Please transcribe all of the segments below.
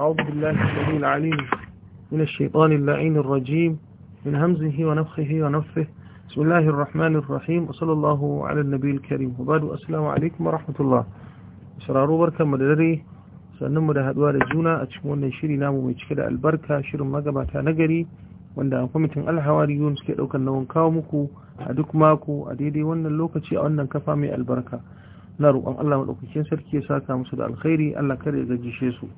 أعوذ بالله السميع العليم من الشيطان اللعين الرجيم من همزه ونفخه ونفه بسم الله الرحمن الرحيم وصلى الله على النبي الكريم وبعد السلام عليكم ورحمة الله شرارو بركة مدري sannan mu da haduwa da juna a cikin wannan shiri namu mai cike da albarka shirin magabata na gari wanda kwamitin alhawariyun suke daukar nauyin kawo muku a duk mako a daidai wannan lokaci a wannan kafa mai albarka na roƙon Allah madaukakin sarki ya saka musu da alkhairi Allah kare ya gajishe su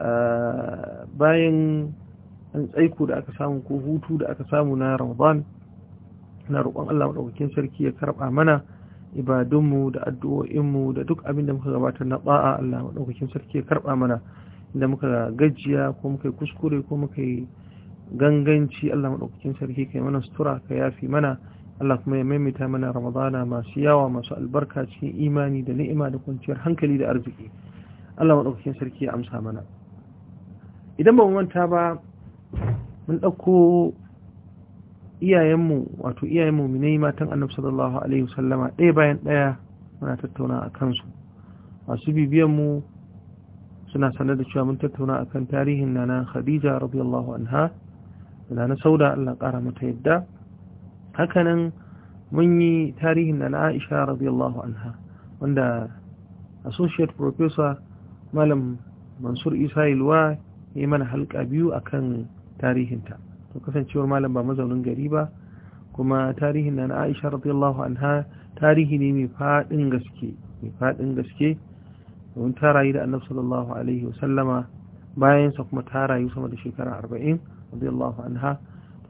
Ah, bayan an tsaiko da aka samu ko hutu da aka samu na ramadan na roƙon Allah maɗaukakin sarki ya karɓa mana ibadunmu da addu'o'inmu da duk abin da muka gabatar na ba'a Allah maɗaukakin sarki ya karɓa mana inda muka gajiya ko muka yi kuskure ko muka yi ganganci Allah maɗaukakin sarki ka kai mana sutura ka yafi mana Allah kuma ya maimaita mana ramadana masu yawa masu albarka cikin imani da ni'ima da kwanciyar hankali da arziki Allah maɗaukakin sarki ya amsa mana idan ba manta ba mun ɗauko iyayenmu wato iyayenmu minai matan annabi sallallahu alaihi wasallama ɗaya bayan ɗaya muna tattauna a kansu masu bibiyanmu suna sanar da cewa mun tattauna a kan tarihin nana khadija radiyallahu anha da nana sauda allah ƙara mata yadda hakanan mun yi tarihin nana aisha radiyallahu anha wanda associate professor malam mansur isa yalwa ya mana halka biyu akan tarihinta to kasancewar malam ba mazaunin gari ba kuma tarihin na Aisha radiyallahu anha tarihi ne mai fadin gaske mai fadin gaske domin ta rayu da Annabi sallallahu alaihi wasallama bayan sa kuma ta rayu sama da shekara arba'in radiyallahu anha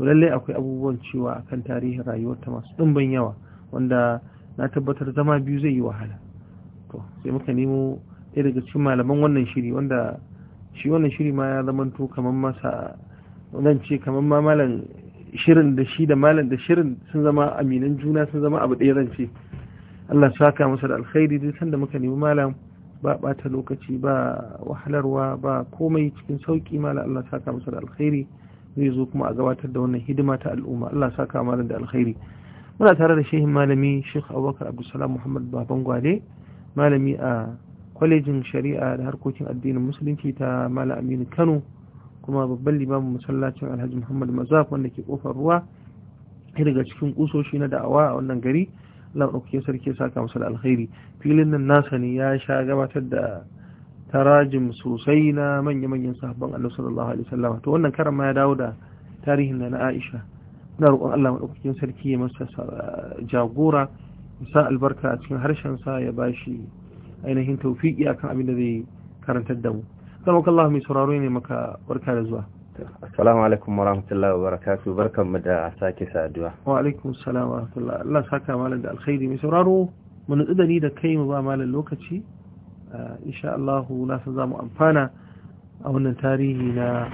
to lallai akwai abubuwan cewa akan tarihin rayuwarta masu dimbin yawa wanda na tabbatar zama biyu zai yi wahala to sai muka nemo ɗaya daga cikin malaman wannan shiri wanda shi wannan shiri ma ya to kamar masa wannan ce kamar ma malam shirin da shi da malam da shirin sun zama aminan juna sun zama abu ɗaya zance ce Allah saka masa da alkhairi duk sanda muka nemi malam ba ɓata lokaci ba wahalarwa ba komai cikin sauƙi malam Allah saka masa da alkhairi zai zo kuma a gabatar da wannan hidima ta al'umma Allah saka malam da alkhairi muna tare da shehin malami Sheikh Abubakar Abdulsalam Muhammad Baban Gwade malami a kwalejin shari'a da harkokin addinin musulunci ta mala aminu kano kuma babban limamin masallacin alhaji muhammad mazaf wanda ke kofar ruwa ya daga cikin kusoshi na da'awa a wannan gari allah ɗauke sarki saka masa alkhairi filin nan nasa ne ya sha gabatar da tarajim sosai na manya-manyan sahabban allah sallallahu alaihi wasallam to wannan karan ma ya dawo da tarihin da na aisha na roƙon allah maɗaukakin sarki ya masa jagora sa albarka a cikin sa ya bashi ainihin taufiki kan abin da zai karantar da mu zama kallahu mai sauraro ne maka barka da zuwa assalamu alaikum wa rahmatullahi wa barakatu barkanmu da sake saduwa wa alaikum salam wa rahmatullahi Allah saka malam da alkhairi mai sauraro mu nutsu da ni da kai mu ba malam lokaci ah, insha Allah na san zamu amfana a wannan tarihi na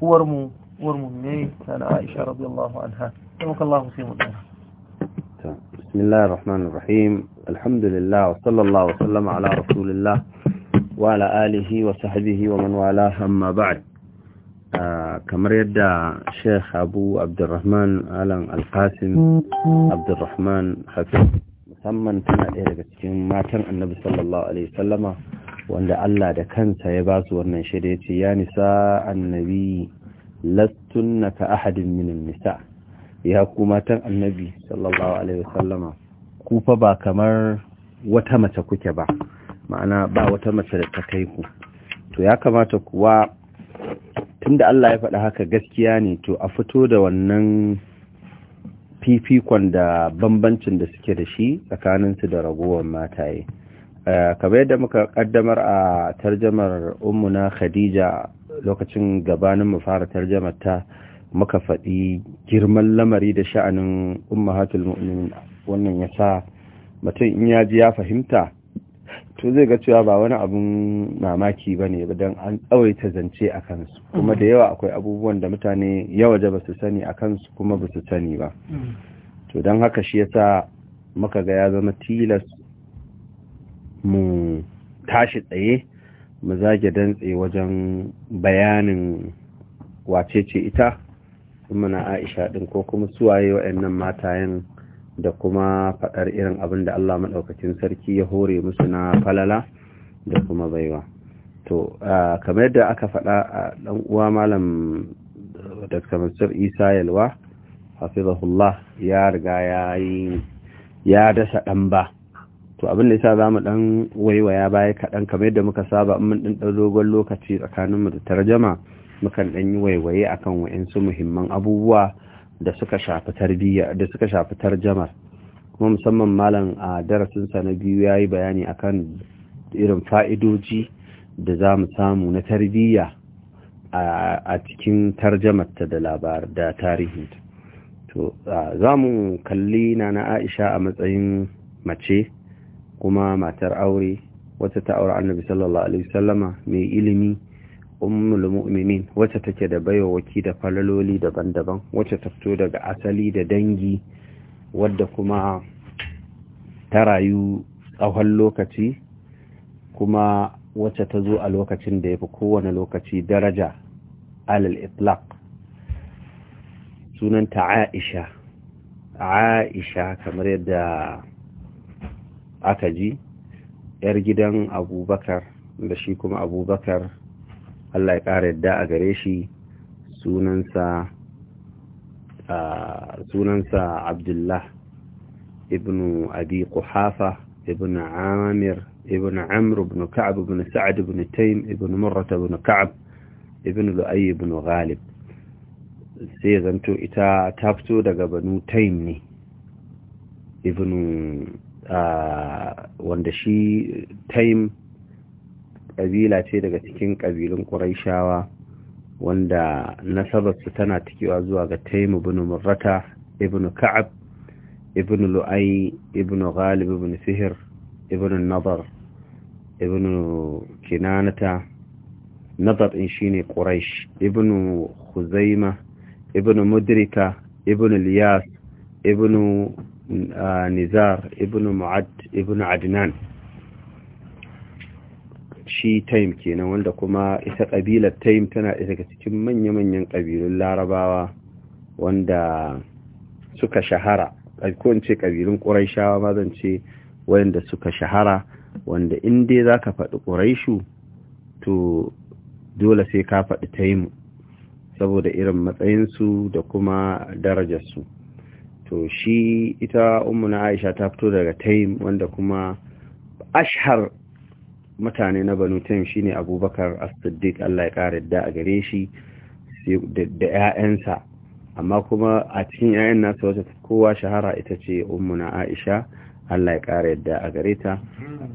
uwar mu uwar mu ne ta Aisha radiyallahu anha tabakallahu sai mu dana بسم الله الرحمن الرحيم الحمد لله وصلى الله وسلم على رسول الله وعلى آله وصحبه ومن والاه أما بعد kamar yadda sheikh abu abdurrahman alan alkasim abdurrahman hafiz musamman tana ɗaya daga cikin matan annabi sallallahu alaihi sallama wanda allah da kansa ya ba su wannan shirya ce ya nisa annabi ka ahadin minin nisa ya ku matan annabi sallallahu alaihi wasallama ku fa ba kamar wata mace kuke ba ma'ana ba wata mace da ta kai ku to ya kamata kuwa tunda Allah ya faɗa haka gaskiya ne to a fito da wannan fifikon da bambancin da suke da shi tsakaninsu da ragowar mataye eh, kamar yadda muka kaddamar a tarjamar ummuna khadija lokacin gabanin mu fara tarjamar ta muka faɗi girman lamari da sha'anin ummahatul mu'minin wannan ya sa mutum in ya ji ya fahimta to zai ga cewa ba wani abun mamaki ba ne ba don an tsawaita zance a kansu kuma da yawa akwai abubuwan da mutane ya waje ba su sani a kansu kuma ba su sani ba to don haka shi ya sa maka ga ya zama tilas mu tashi tsaye mu zage dantse wajen bayanin wacece ita kuma aisha din ko kuma suwaye wa'annan matayen da kuma faɗar irin abin da Allah maɗaukacin sarki ya hore musu na falala da kuma baiwa to kamar yadda aka faɗa a ɗan uwa malam uh, dr mansur isa yalwa hafizahullah ya riga ya yi ya dasa ɗan ba to abin da yasa za mu ɗan waiwaya baya kaɗan kamar yadda muka saba in mun ɗan dogon lokaci tsakaninmu da tarjama mukan ɗan yi waiwaye akan wa'insu muhimman abubuwa da suka shafi tarjamar kuma musamman malam a darasinsa na biyu ya yi bayani akan irin fa'idoji da za mu samu na tarbiyya a cikin tarjamarta da labar da tarihin to za mu kalli na na aisha a matsayin mace kuma matar aure wata ta aure annabi sallallahu alaihi wasallama mai ilimi ummul mu'minin wacce take da waki da falaloli daban-daban wacce ta fito daga asali da dangi wadda kuma ta rayu tsawon lokaci kuma wacce ta zo a lokacin da ya fi kowane lokaci daraja alal itlaq sunanta aisha aisha kamar yadda aka ji yar gidan abubakar da shi kuma abubakar Allah ya ƙara yadda a gare shi sunansa Abdullah ibn Abi Quhafa ibn Amir ibn Amr ibn Ka'ab ibn Sa'ad ibn Taym ibn Murrah ibn Ka'ab ibn Lu'ay ibn Ghalib sai zanto ita ta fito daga Banu Taym ne ibn wanda shi Taym ƙabila ce daga cikin ƙabilun ƙuraishawa wanda nasabarsu tana tikewa zuwa ga taimu bin murrata ibn ka'ab ibn lu'ai ibn ghalib ibn sihir ibn nazar ibn kinanata nazar in shine quraish ibn khuzaima ibn mudrika ibn liyas ibn ah, nizar ibn mu'ad ibn adnan shi taim kenan wanda kuma ita ƙabilar taim tana daga cikin manya-manyan ƙabilun larabawa wanda suka shahara ko ce ƙabilun ƙuraishawa ma zan ce wanda suka shahara wanda in dai za ka faɗi ƙuraishu to dole sai ka faɗi taimu saboda irin matsayinsu da kuma darajarsu to shi ita umuna aisha ta fito daga taim wanda kuma ashhar mutane na banu shi shine abubakar as-siddiq Allah ya kare da a gare shi da 'ya'yansa amma kuma a cikin 'ya'yan nasu wata kowa shahara ita ce ummuna aisha Allah ya kare da a gare ta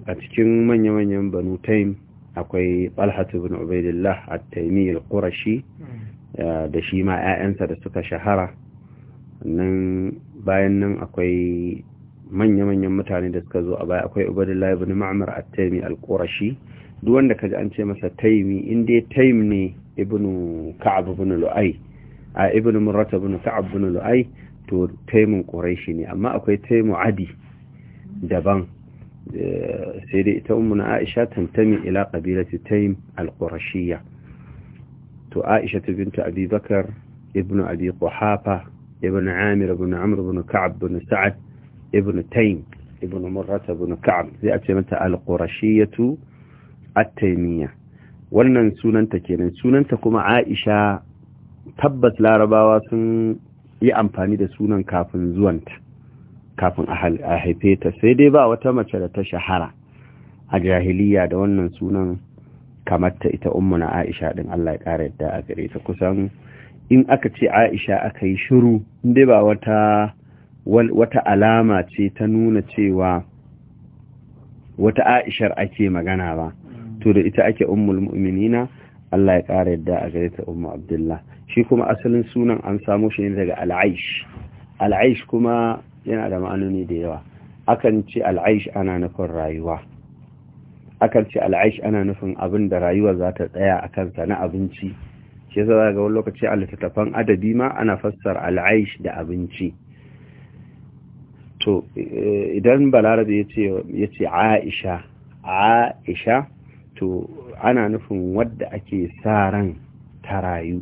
a cikin manya-manyan banu taim akwai talhatu bin ubaidillah at-taimi al-qurashi eh, da shi ma 'ya'yansa da suka shahara nan bayan nan akwai manya-manyan mutane da suka zo a baya akwai ubadullahi ibn ma'mar at-taymi al-qurashi duk wanda kaji an ce masa taymi in ya taym ne ibn ka'ab ibn lu'ay a ibn murrat ibn ka'ab ibn lu'ay to taymin quraishi ne amma akwai taymu adi daban eh, sai dai ita ummuna aisha tantami ila qabilati taym al-qurashiyya to aisha bint abi bakr ibn abi quhafa ibn amir ibn amr ibn ka'ab ibn sa'ad Ibnu taim Ibnu murrata ibn ka'ab zai ce mata al-qurashiyatu at-taimiyya wannan sunanta kenan sunanta kuma aisha tabbas larabawa sun yi amfani da sunan kafin zuwanta kafin a haife ta sai dai ba wata mace da ta shahara a jahiliya da wannan sunan kamar ta ita ummu aisha din Allah ya kara yadda a gare ta kusan in aka ce aisha aka yi shiru dai ba wata wata alama ce ta nuna cewa wata aishar ake magana ba to da ita ake ummul mu'minina Allah ya ƙara yadda a gare ta ummu abdullah shi kuma asalin sunan an samo shi ne daga al'aish al'aish kuma yana da ma'anoni da yawa akan ce al'aish ana nufin rayuwa akan ce al'aish ana nufin abin da rayuwa za ta tsaya a kansa na abinci shi yasa za ga wani lokaci a littattafan adabi ma ana fassara al'aish da abinci to idan balarabe ya ce aisha aisha to ana nufin wadda ake sa ran ta rayu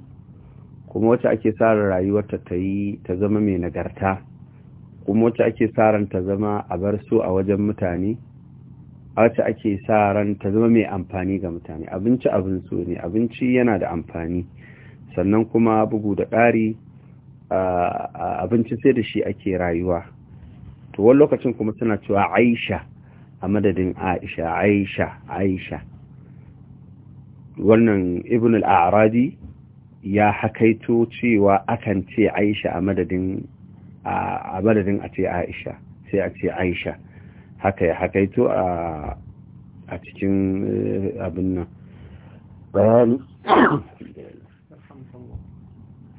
kuma wacce ake sa ran rayuwarta ta yi ta zama mai nagarta kuma wacce ake sa ran ta zama a bar so a wajen mutane wacce ake sa ran ta zama mai amfani ga mutane abinci abin so ne abinci yana da amfani sannan kuma bugu da ƙari abinci sai da shi ake rayuwa to wani lokacin kuma suna cewa aisha a madadin aisha aisha aisha wannan ibn al'arabi ya hakaito cewa akan ce aisha a madadin a madadin a ce aisha sai a ce aisha haka ya hakaito a cikin eh, abin nan bayani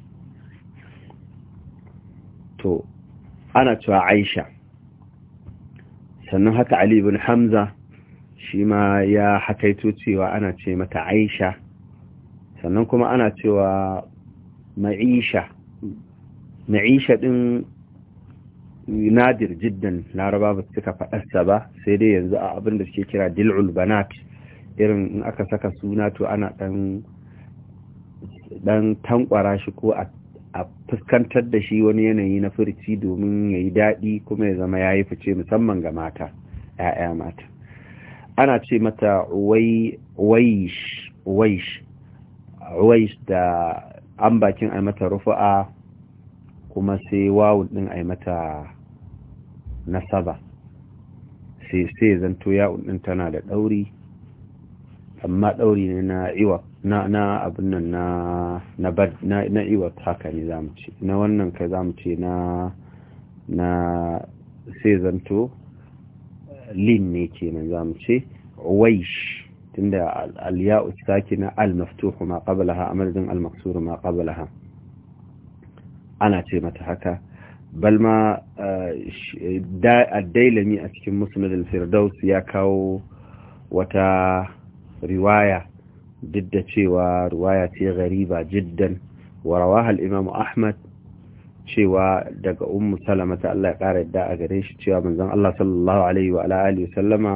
to ana cewa aisha sannan haka ali bin hamza shi ma ya hakaito cewa ana ce mata aisha sannan kuma ana cewa ma'isha ma'isha din nadir jiddan laraba ba suka faɗarsa ba sai dai yanzu a abin da suke kira dil'ul banat irin in aka saka suna to ana ɗan dan tankwara shi ko a a fuskantar da shi wani yanayi na furci domin ya yi daɗi kuma ya zama ya yi fice musamman ga mata ‘ya'ya mata ana ce mata waish da an bakin a mata rufu'a kuma sai wawun ɗin a mata nasaba sai sai zanto ya'un ɗin tana da ɗauri amma ɗauri ne na iwa na na abin nan na na na haka ne mu ce na wannan za mu ce na na sai zanto lin ne kenan zamu ce waish tunda alyau saki na al-maftuhu ma qablaha amadan al-maqsuru ma qablaha ana ce mata haka bal ma ad a cikin musnad al-firdaus ya kawo wata riwaya duk da cewa ruwaya ce gariba jiddan wa rawaha al-imam ahmad cewa daga ummu salama ta Allah ya kara yadda a gare shi cewa manzon Allah sallallahu alaihi wa alihi sallama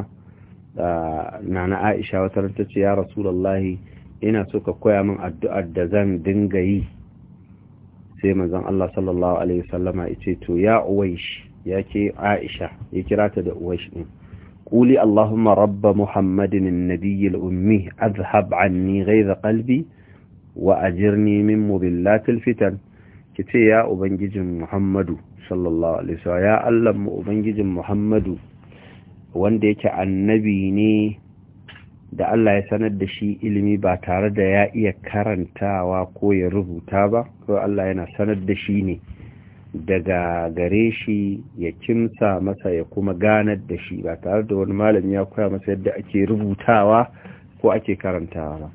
nana Aisha wata ta ce ya rasulullahi ina so ka koya min addu'ar da zan dinga yi sai manzon Allah sallallahu alaihi sallama ya ce to ya uwaish yake Aisha ya kira ta da uwaish din قولي اللهم رب محمد النبي الأمي أذهب عني غيظ قلبي وأجرني من مضلات الفتن كتي يا أبنجج محمد صلى الله عليه وسلم يا ألم أبنجج محمد وانديك النبي ني da Allah ya sanar da shi ilimi ba tare da ya iya karantawa ko ya rubuta ba ko Allah yana sanar da shi ne daga gare shi ya kimsa masa ya kuma ganar da shi ba tare da wani malami ya koya masa yadda ake rubutawa ko ake karantawa ba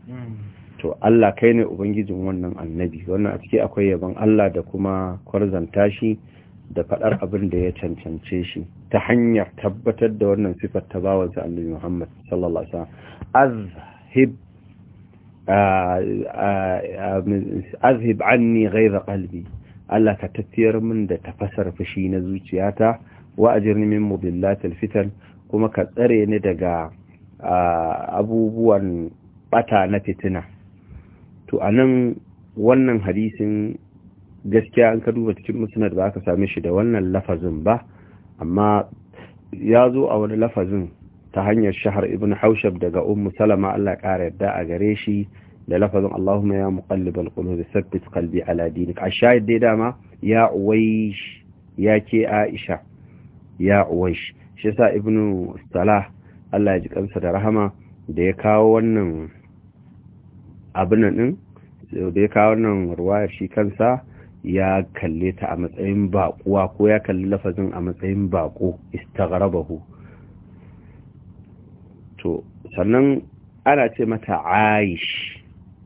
to Allah kai ne ubangijin wannan annabi wannan a ciki akwai yabon Allah da kuma kwarzanta shi da faɗar abin da ya cancance shi ta hanyar tabbatar da wannan sifar ta bawansa annabi Muhammad sallallahu alaihi wasallam azhib uh, uh, uh, azhib anni ghayra qalbi Allah ka tafiyar min da tafasar fushi na zuciyata wa ajirni min mudillatil fitan kuma ka tsare ni daga abubuwan bata na fitina to anan wannan hadisin gaskiya an ka duba cikin musnad ba aka same shi da wannan lafazin ba amma ya zo a wani lafazin ta hanyar shahar ibn haushab daga ummu salama Allah ya ƙara yadda a gare shi da lafazin Allahumma ya muqallibal qulub thabbit qalbi ala dinik a yadda dai dama ya uwaish ya ke Aisha ya uwaish shi sa ibnu salah Allah ya ji kansa da rahama da ya kawo wannan abin da ya kawo wannan ruwayar shi kansa ya kalle ta a matsayin baƙuwa ko ya kalli lafazin a matsayin baƙo istagharabahu to sannan ana ce mata aish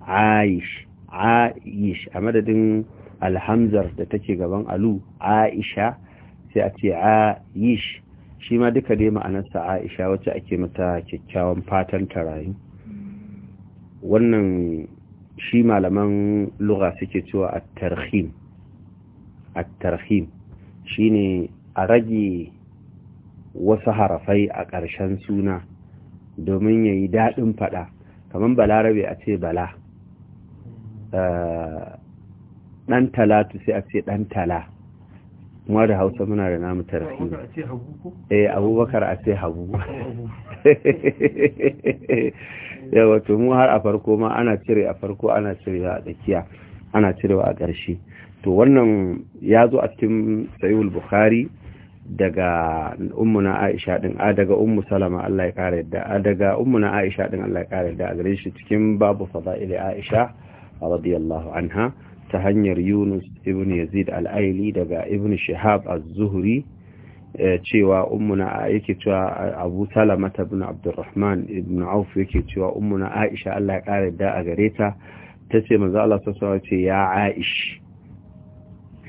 aish aish a madadin alhamzar da take gaban alu aisha sai a ce aish shi ma duka dai ma'anarsa aisha wacce ake mata kyakkyawan fatan ta rayu wannan shi malaman lura suke cewa at-tarhim at-tarhim shine a rage wasu harafai a ƙarshen suna domin yayi daɗin faɗa kamar balarabe a ce bala ɗan eh, talatu sai a ce ɗan tala kuma da hausa muna da namu tarfi eh abubakar a ce habu ya wato mu har a farko ma ana cire a farko ana cire a tsakiya ana cire a ƙarshe to wannan ya zo a cikin sayul bukhari daga ummuna aisha din a daga ummu salama Allah ya kare da daga ummuna aisha din Allah ya kare da a gare shi cikin babu fada'ili aisha radiyallahu anha ta hanyar Yunus ibn Yazid alaili daga ibn Shihab az-Zuhri eh, cewa ummuna yake cewa Abu Salama ibn Abdurrahman ibn Auf yake cewa ummuna Aisha Allah ya kare da a gare ta tace manzo Allah sallallahu ce ya Aish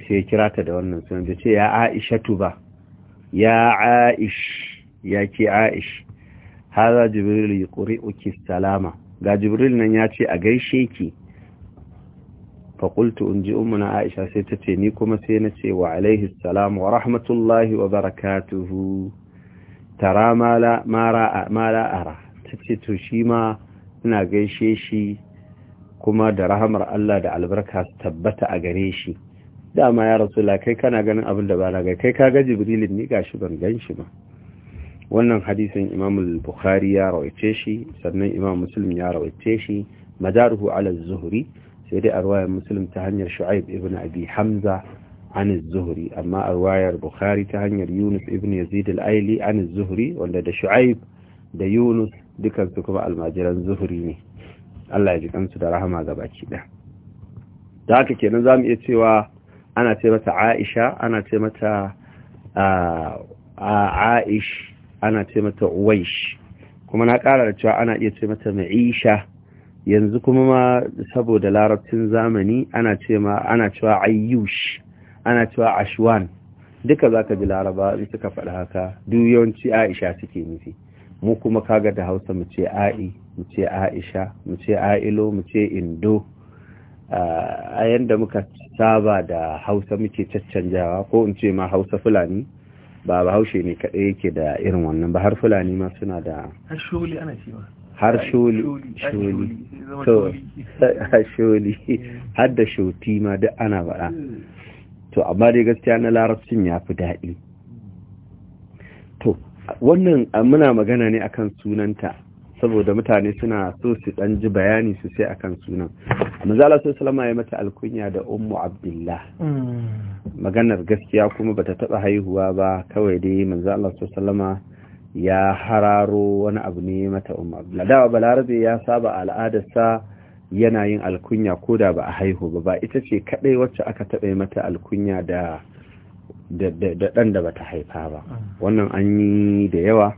sai kira ta da wannan sunan ta ce ya Aishatu ba ya Aish ya ki Aish hada Jibril yuqri'uki salama ga Jibril nan ya ce a gaishe ki faƙultu in ji umuna aisha sai ta ce ni kuma sai na ce wa alaihi salam wa rahmatullahi wa barakatuhu tara mala ara ta ce to shi ma ina gaishe shi kuma da rahamar Allah da albarka su tabbata a gare shi dama ya rasu la kai kana ganin abin da ba na ga kai ka ga jibrilin ni gashi ban gan shi ba wannan hadisin imam bukhari ya rawaice shi sannan imam muslim ya rawaice shi majaruhu ala zuhri sai dai a ruwayar musulun ta hanyar shu'aib ibn abi hamza an zuhri amma a ruwayar bukhari ta hanyar yunus ibn yazid al-aili an zuhri wanda da shu'aib da yunus dukansu su kuma almajiran zuhri ne Allah ya ji kansu da rahama ga baki da da haka kenan zamu iya cewa ana ce mata Aisha ana ce mata Aish ana ce mata Uwaish kuma na kara da cewa ana iya ce mata Maisha yanzu kuma ma saboda larabcin zamani ana ce ma ana cewa ayyush ana cewa ashwan duka zaka ji laraba in suka faɗi haka duk yawanci aisha suke nufi mu kuma kaga da hausa mu ce a'i mu ce aisha mu ce ailo mu ce indo a yanda muka saba da hausa muke caccanjawa ko in ce ma hausa fulani ba haushe ne kaɗai yake da irin wannan ba har fulani ma suna da har sholi to sholi har da shoti ma duk ana faɗa to amma dai gaskiya na larabcin ya fi daɗi to wannan muna magana ne akan sunanta saboda mutane suna so su ɗan ji bayani su sai akan sunan manzala sai salama ya mata alkunya da ummu abdullah mm. maganar gaskiya kuma bata taɓa haihuwa ba kawai dai manzala sai salama ya hararo wani abu ne mata umar ladawa balarabe ya saba al'adarsa yana yin alkunya ko da ba a haihu ba ba ita ce kadai wacce aka taɓa mata alkunya da ɗan da bata haifa ba wannan an yi da yawa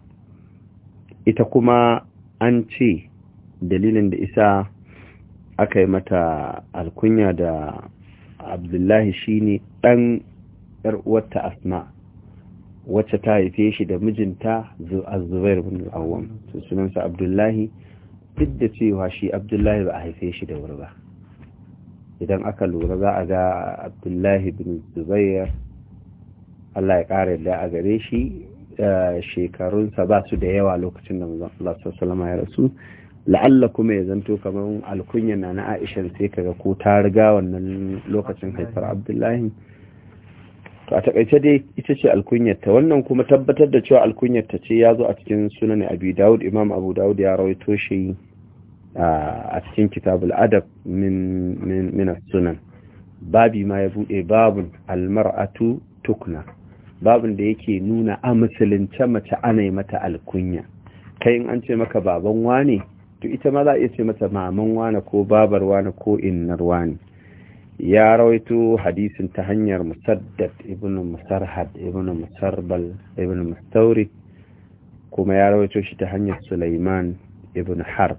ita kuma an ce dalilin da isa aka yi mata alkunya da abdullahi shine ɗan uwarta asma wacce ta haife shi da mijinta a zubair bin awwam to sunansa abdullahi duk da cewa shi abdullahi ba a haife shi da wuri ba idan aka lura za a ga abdullahi bin zubair allah ya ƙara yadda a gare shi shekarunsa ba su da yawa lokacin da mazan allah sallama ya rasu la'alla kuma ya zanto kamar alkunya na na aisha sai kaga ko ta riga wannan lokacin haifar abdullahi to a takaice dai ita ce alkunyarta wannan kuma tabbatar da cewa alkunyarta ce ya zo a cikin sunan abi dawud imam abu dawud ya rawaito shi a cikin kitabul adab min min sunan babi ma ya buɗe babun almar'atu tukna babun da yake nuna a musulunce mace ana mata alkunya kai in an ce maka baban wane to ita ma za a iya ce mata maman wane ko babar wane ko innar wane ya rawaito hadisin ta hanyar musaddad ibn musarhad ibn musarbal ibn mustauri kuma ya rawaito shi ta hanyar sulaiman ibn harb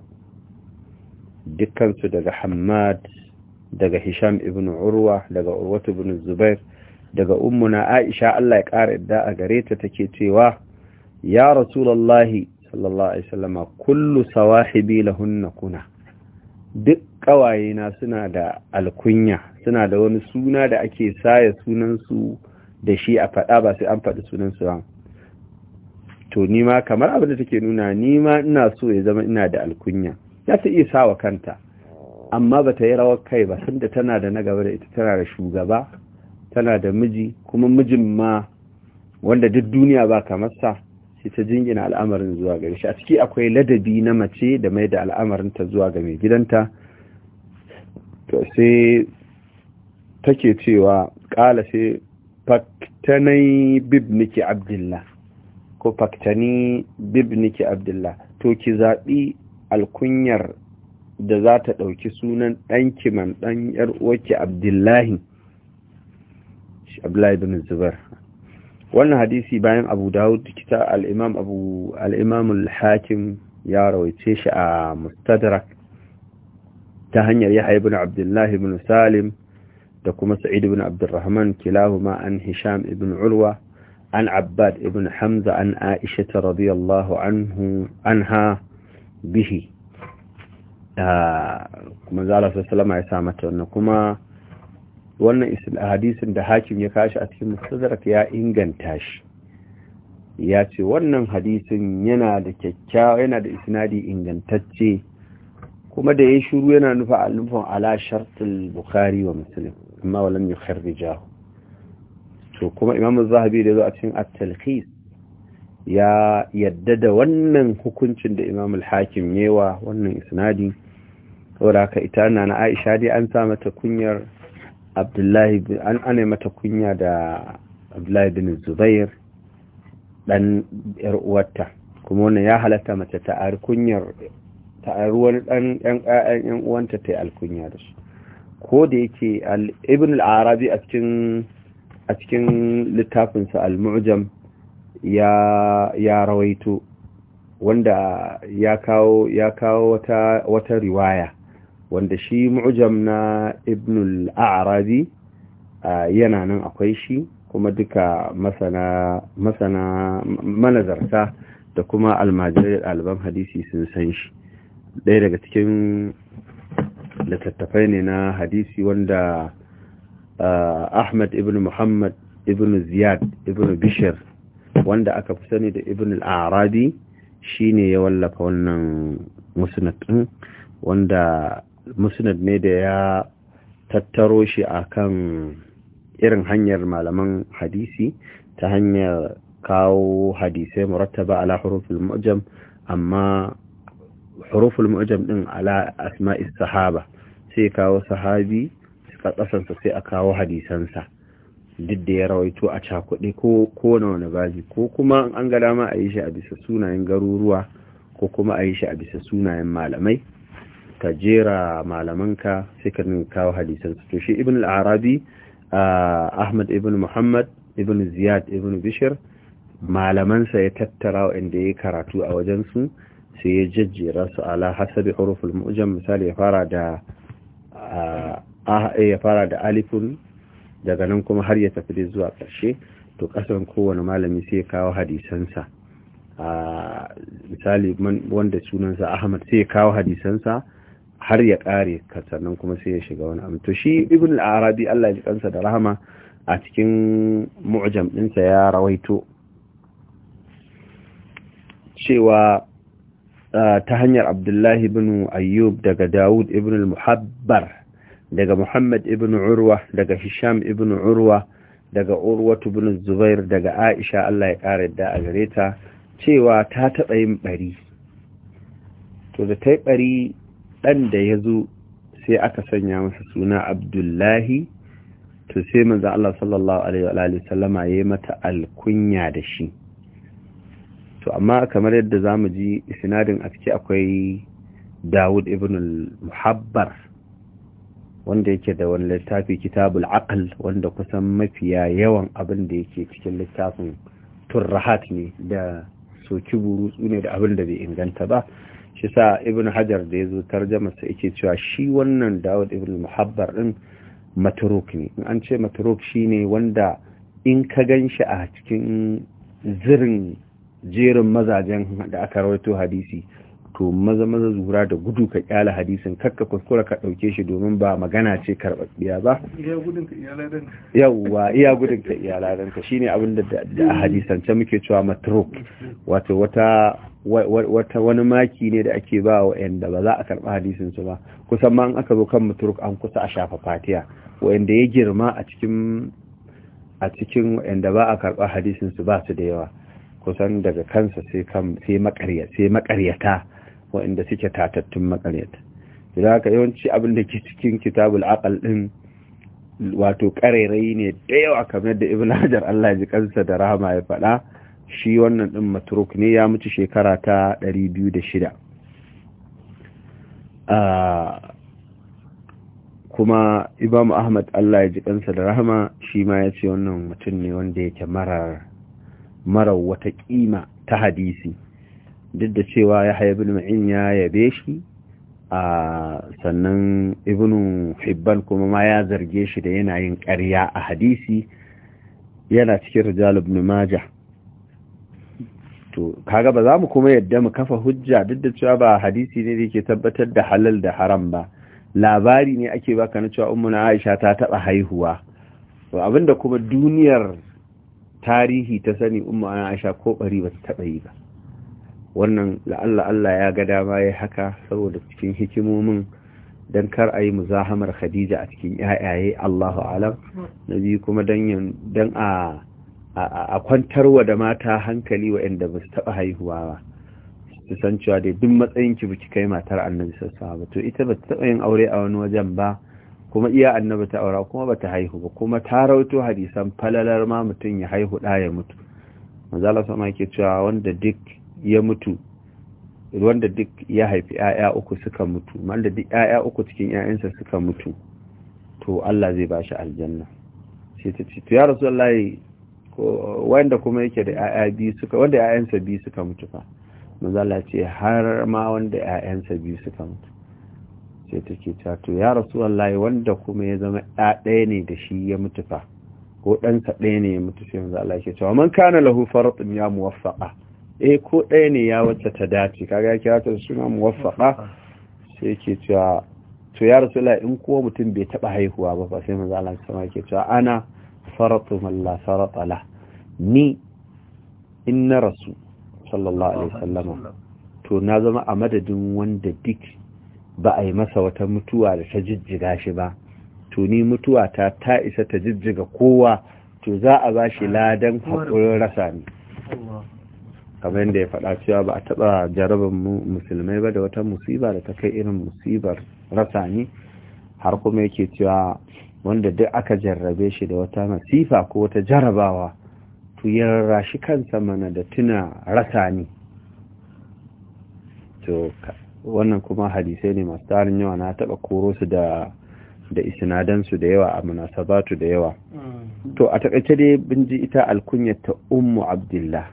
dukkansu daga hamad daga hisham ibn urwa daga urwatu ibn zubair daga ummuna aisha Allah ya ƙara yadda a gare ta take cewa ya rasulullahi sallallahu alaihi wasallama kullu sawahibi lahunna kuna duk ƙawayena suna da alkunya suna da wani suna da ake saya sunansu da shi a faɗa ba sai an faɗi sunansu ba to nima kamar abin da take nuna nima ina so ya zama ina da alkunya ya ta iya sawa kanta amma ba ta yi rawar kai ba tunda tana da na gaba da ita tana da shugaba tana da miji kuma mijin ma wanda duk duniya ba kamar sa sai ta jingina al'amarin zuwa gare shi a ciki akwai ladabi na mace da mai da al'amarinta zuwa ga mai gidanta to sai take cewa ƙala sai faktanai bibniki abdullah ko faktani bibniki abdullah to ki zaɓi alkunyar da za ta ɗauki sunan ɗanki man ɗan uwarki abdullahi abdullahi bin zubar wannan hadisi bayan abu dawud kita al'imam abu al'imamul hakim ya rawaice shi a mustadrak ta hanyar yahya ibn abdullahi bin salim da kuma sa'id ibn abdurrahman kilahuma an hisham ibn urwa an abbad ibn hamza an aisha radiyallahu anhu anha bihi ah, kuma zala sallama ya sa mata wannan kuma wannan hadisin da hakim ya kashi a cikin mustadrak ya inganta shi ya ce wannan hadisin yana da kyakkyawa yana da isnadi ingantacce kuma da ya shuru yana nufa alufan ala shartul bukhari wa muslim amma walam yukharrijahu to kuma imamu zahabi da zo a cikin at-talqis ya yadda da wannan hukuncin da imam al-hakim yewa wannan isnadi saboda haka ita na na Aisha dai an sa mata kunyar Abdullahi an ana mata kunya da Abdullahi bin Zubair dan yar uwarta kuma wannan ya halatta mace ta ar kunyar ta wani dan yan uwanta ta alkunya da su ko da yake ibn al-arabi a cikin littafinsa al-mu'jam ya rawaito wanda ya kawo wata riwaya wanda shi mu'jam na ibn al-arabi yana nan akwai shi kuma duka masana manazarta da kuma almajirai alban hadisi sun san shi ɗaya daga cikin littattafai ne na hadisi wanda uh, ahmad ibn muhammad ibn ziyad ibn bishir wanda aka fi sani da ibn al'arabi shi ne ya wallafa wannan musnad ɗin wanda musnad ne da ya tattaro shi a kan irin hanyar malaman hadisi ta hanyar kawo hadisai murattaba ala hurufin mujam amma huruful mu'jam din ala asma'is sahaba sai kawo sahabi suka kasansa sai a kawo hadisansa duk da ya rawaito a cakuɗe ko na wani baji ko kuma an ga dama a yi shi a bisa sunayen garuruwa ko kuma a yi shi a bisa sunayen malamai ka jera malamanka sai ka kawo hadisansa to shi ibn al-arabi ahmad ibn muhammad ibn ziyad ibn bishir malamansa ya tattara inda ya karatu a wajensu sai ya jajjera su ala hasabi huruful mu'jam misali ya fara da ya fara da alifun daga nan kuma har ya tafi da zuwa ƙarshe to kasan kowane malami sai ya kawo hadisansa a misali wanda sunansa ahmad sai ya kawo hadisansa har ya ƙare sannan kuma sai ya shiga wani amto shi ibn al-arabi Allah ya ji kansa da rahama a cikin mu'jam ɗinsa ya rawaito cewa ta hanyar abdullahi bin ayyub daga dawud ibn al-muhabbar daga muhammad ibn urwa daga hisham ibn urwa daga urwatu ibn zubair daga aisha Allah ya kare da a gare ta cewa ta taɓa yin ɓari to da ta yi ɓari ɗan da ya zo sai aka sanya masa suna abdullahi to sai manzo Allah sallallahu alaihi wa sallama ya yi mata alkunya da shi to amma kamar yadda za mu ji sinadin a ciki akwai dawud ibn muhabbar wanda yake da wani littafi kitabul aql wanda kusan mafiya yawan abin da yake cikin littafin turrahat ne da soki burutsu ne da abin da bai inganta ba shi sa ibn hajar da ya zo tarjamasa yake cewa shi wannan dawud ibn muhabbar din matruk ne in an ce matruk shine wanda in ka gan shi a cikin zirin jerin mazajen da aka rawaito hadisi to maza maza zura da gudu ka kyala hadisin kakka kuskura ka dauke shi domin ba magana ce karbabbiya ba yawwa iya gudun ka iyala shine abin da a hadisance muke cewa matruk wato wata wani maki ne da ake ba wa yanda ba za a karba hadisin su ba kusan ma an aka zo kan matruk an kusa a shafa fatiya wanda ya girma a cikin a cikin ba a karba hadisin su ba su da yawa kusan daga kansa sai kan makaryata waɗanda suke tatattun makaryata idan haka yawanci abin da ke cikin kitabul aqal din wato karairai ne da yawa kamar da ibn hajar Allah ji kansa da rahama ya faɗa shi wannan din matruk ne ya mutu shekara ta 206 kuma imam ahmad Allah ya ji kansa da rahama shi ma ya ce wannan mutum ne wanda yake marar marar wata kima ta hadisi duk da cewa ya bin ma'in ya yabe shi a sannan Ibn hibban kuma ma ya zarge shi da yanayin karya a hadisi yana cikin rijal ibn to kaga ba za mu kuma yadda mu kafa hujja duk da cewa ba hadisi ne da yake tabbatar da halal da haram ba labari ne ake baka na cewa ummuna aisha ta taba haihuwa abinda kuma duniyar tarihi ta sani umma ana aisha ko bari ba ta taɓa yi ba wannan la'alla Allah ya ga dama ya haka saboda cikin hikimomin don kar a yi muzahamar khadija a cikin yayaye Allahu alam na biyu kuma don a a kwantarwa da mata hankali waɗanda ba su taɓa haihuwa ba su san cewa dai duk matsayin ki biki kai matar annabi sassa ba to ita ba ta taɓa yin aure a wani wajen ba kuma iya annabi ta aura kuma bata haihu ba kuma ta rauto hadisan falalar ma mutum ya haihu da ya mutu manzo Allah sama yake cewa wanda duk ya mutu wanda duk ya haifi ƴaƴa uku suka mutu wanda duk ƴaƴa uku cikin ƴaƴansa suka mutu to Allah zai ba shi aljanna sai ta ce to ya rasulullahi wanda kuma yake da ƴaƴa biyu suka wanda ƴaƴansa biyu suka mutu fa manzo Allah ce har ma wanda ƴaƴansa biyu suka mutu sai take ta to ya rasulullahi wanda kuma ya zama ɗaya ne da shi ya mutu fa ko ɗansa ɗaya ne ya mutu sai manzo Allah yake cewa man kana lahu faratun ya muwaffaqa eh ko ɗaya ne ya wacce ta dace kaga ya kira ta suna muwaffaqa sai yake cewa to ya rasulullahi in kowa mutum bai taba haihuwa ba fa sai manzo Allah sama yake cewa ana faratu man la farata la ni in na rasu sallallahu alaihi wasallam to na zama a madadin wanda duk ba a yi masa wata mutuwa da ta jijjiga shi ba tuni ni mutuwa ta ta isa ta jijjiga kowa to za a ba shi ladan haƙurin rasa ni kamar yadda ya faɗa cewa ba a taɓa jarabin musulmai ba da wata musiba da ta kai irin musibar rasa ni har kuma yake cewa wanda duk aka jarrabe shi da wata masifa ko wata jarabawa to ya shi kansa mana da tuna rasa ni wannan kuma hadisai ne masu tarin yawa na taɓa koro su da da isinadansu da yawa a munasabatu da yawa mm. to a takaice dai bin ji ita alkunyar ta ummu abdullah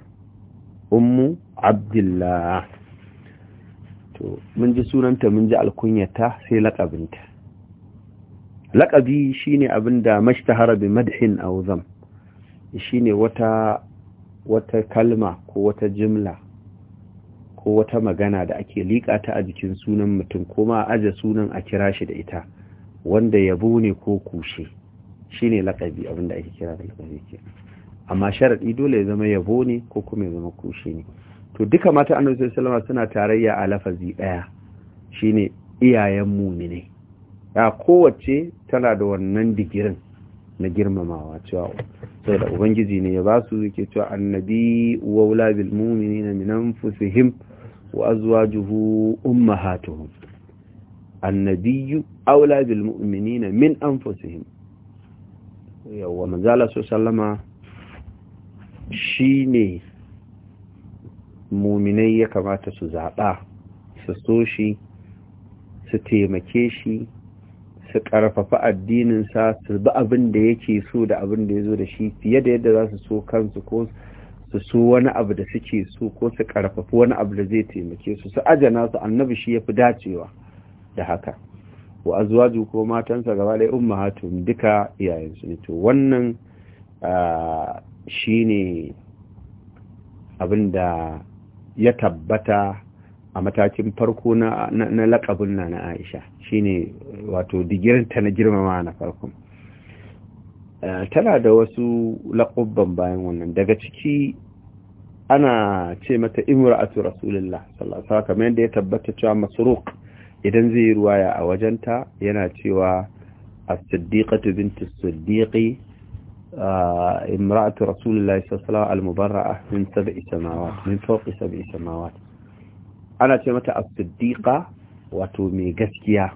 ummu abdullah to mun ji sunanta mun ji alkunyata sai laƙabinta laƙabi shine abin da mashtahara bi madhin aw shine wata wata kalma ko wata jimla ko wata magana da ake liƙa ta a jikin sunan mutum kuma a aje sunan a kira shi da ita wanda yabo ne ko kushe shine laƙabi abinda ake kira da laƙabi ke amma sharadi dole ya zama yabo ne ko kuma ya zama kushe ne to duka mata annabi sallallahu alaihi suna tarayya a lafazi ɗaya shine iyayen mumine Ya kowace tana da wannan digirin na girmamawa cewa sai da ubangiji ne ya ba su yake cewa annabi wa wula mu'minina min anfusihim وأزواجه أمهاتهم النبي أولى بالمؤمنين من أنفسهم وما زال سلم شيني muminai ya kamata su zaɓa su so su taimake shi su ba addininsa su bi abin da yake so da abin da ya da shi fiye da yadda za so kansu ko su su wani abu da suke so ko su karfafi wani abu da zai taimake su su ajana su annabi shi ya fi dacewa da haka wa azwaju ko matansa gaba ɗaya ummahatun duka iyayensu ne to wannan shine abin da ya tabbata a matakin farko na lakabin na na Aisha ne wato digirinta na girmama na farkon Eh, tana da wasu laƙubban bayan wannan daga ciki ana ce mata imra'atu a tura sulilla sallasa kamar yadda ya tabbata cewa masruq idan zai yi ruwaya a wajenta yana cewa as-siddiqatu bintu as-siddiqi eh, imra'atu rasulullah sallallahu alaihi al a min isa samawat min fawqi isa samawat ana ce mata as-siddiqa wato mai gaskiya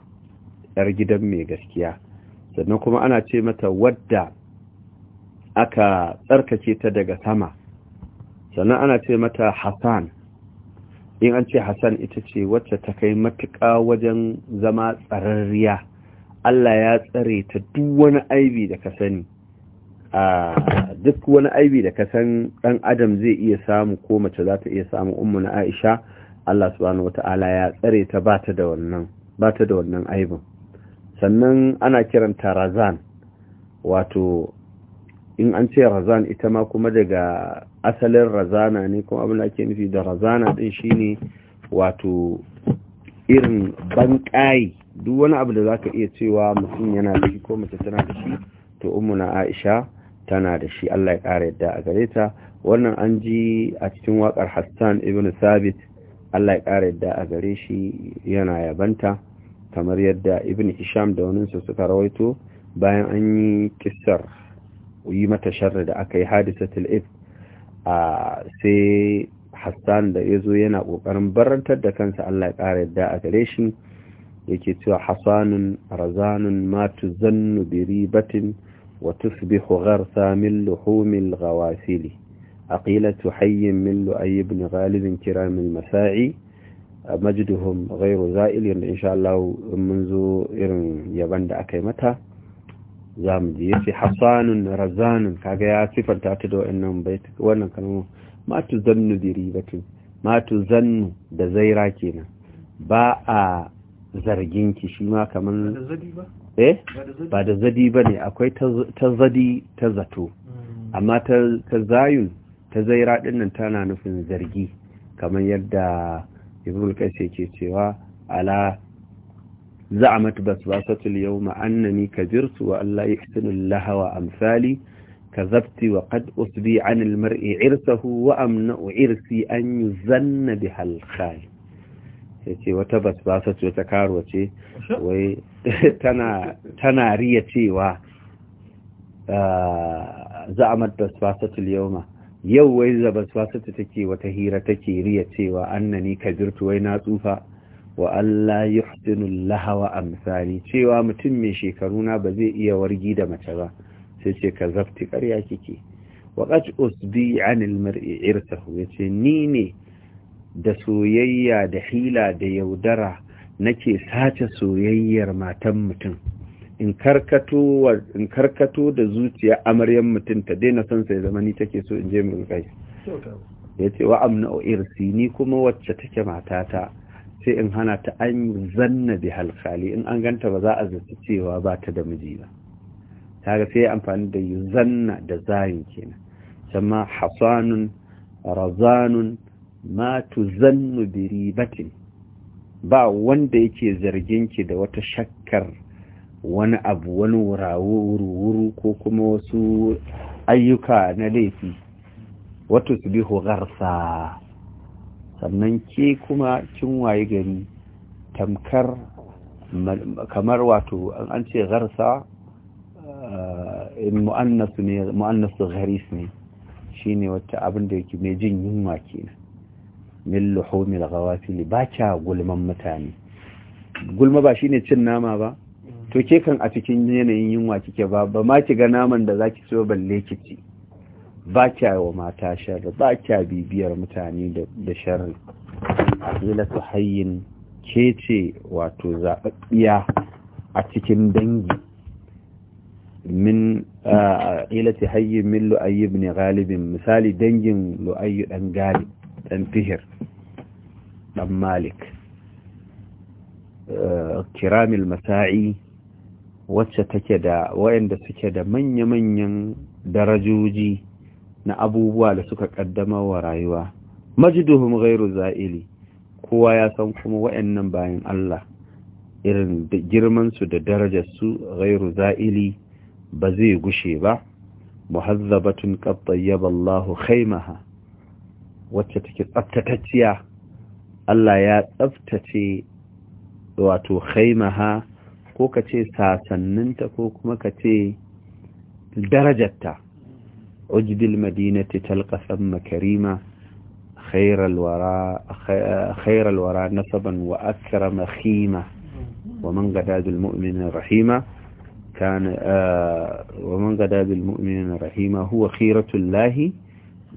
yar gidan mai gaskiya sannan kuma ana ce mata wadda aka tsarkake ta daga sama sannan ana ce mata hassan in an ce hassan ita ce wacce ta kai matuka wajen zama tsararriya Allah ya tsare ta duk wani aibi da ka sani a duk wani aibi da ka san ɗan adam zai iya samu ko mace za ta iya samu ummu na aisha Allah subhanahu ta'ala ya tsare ta ba ta da wannan aibin sannan ana kiranta razan wato in an ce razan ita ma kuma daga asalin razana ne kuma abin da ake nufi da razana din shine wato irin banƙayi duk wani abu da za ka iya cewa mutum yana da shi ko mace tana da shi to ummuna Aisha tana da shi Allah ya ƙara yadda a gare ta wannan an ji a cikin waƙar Hassan ibn Sabit Allah ya ƙara yadda a gare shi yana yabanta kamar yadda ibn hisham da waninsa suka rawaito bayan an yi kissar yi mata sharri da aka yi hadisatul if a sai hassan da ya zo yana ƙoƙarin barantar da kansa allah ya ƙara yadda a gare shi yake cewa hasanun razanun matu zannu biribatin wa tusbihu gharsa min luhumil ghawasili aqilatu hayyin min lu'ayy ibn ghalib kiramil masa'i majduhum ghairu za'ilin insha Allah mun zo irin yaban da aka yi mata za mu ji yace hasanun razanun kaga ya sifanta ta da wannan bait wannan kalmo ma tuzannu bi ribatin ma zannu da zaira kenan ba a zargin ki shi ma kaman eh ba da zadi ba ne, akwai ta zadi ta zato mm. amma ta zayun ta zaira dinnan tana nufin zargi kamar yadda ibn al-qasim ke cewa ala za'amat basbasatul yawma annani kabirtu wa alla yuhsinu lahawa amsali kazabti wa qad usbi 'an al-mar'i 'irsahu wa amna'u 'irsi an yuzanna biha al yace wata basbasatu wata karuwa ce wai tana tana riya cewa ah, za'amat basbasatu al-yawma yau wai zabas fasata take wata hira take riya cewa annani kabirtu wai na tsufa wa Allah yuhsinu lahawa amsali cewa mutum mai shekaru na ba zai iya wargi da mace ba sai ce ka zafti ƙarya kike wa qat usbi al mar'i irsahu yace ni ne da soyayya da hila da yaudara nake sace soyayyar matan mutum in karkato da zuciya amaryan mutum ta daina son sai zamani take so in je min kai ya ce wa amna o irsi ni kuma wacce take matata sai in hana ta an zanna bi halkali in an ganta ba za a zaci cewa ba ta da miji ba kaga sai amfani da zanna da zayin kenan sama hasanun razanun ma tuzannu bi ribatin ba wanda yake zargin ki da wata shakkar wani abu wani wuru-wuru ko kuma wasu ayyuka na laifi wato su bi hogarsa sannan ke kuma kin waye gari tamkar kamar wato an ce garsa eh, mu'annasu ne shi ne shine wata abin da yake mai jin yunwa kenan min luhumil ghawafil ba kya gulman mutane gulma ba shine cin nama ba to ke kan a cikin yanayin yunwa kike ba ba ma ki ga naman da zaki so balle ki ba kya wa mata sharri ba kya bibiyar mutane da sharri ahilatu hayyin ke ce wato zabaddiya a cikin dangi min ahilatu hayyi min lu'ayyi ibn galibin misali dangin lu'ayyi dan galib dan fihir dan malik kiramil masa'i wacce take da wayanda suke da manya-manyan darajoji na abubuwa da suka kaddama wa rayuwa majiduhum ghairu za'ili kowa ya san kuma wayannan bayan Allah irin girman su da darajar su ghairu za'ili ba zai gushe ba muhazzabatun qad tayyaba Allahu khaymaha wacce take tsaftatacciya Allah ya tsaftace wato khaymaha ko ka ce sasanninta ko kuma ka ce darajarta ujbil madinati talqasan makarima khairal wara khairal nasaban wa akrama khima wa man gada bil mu'minin rahima كان uh, wa man gada bil mu'minin rahima huwa khiratul lahi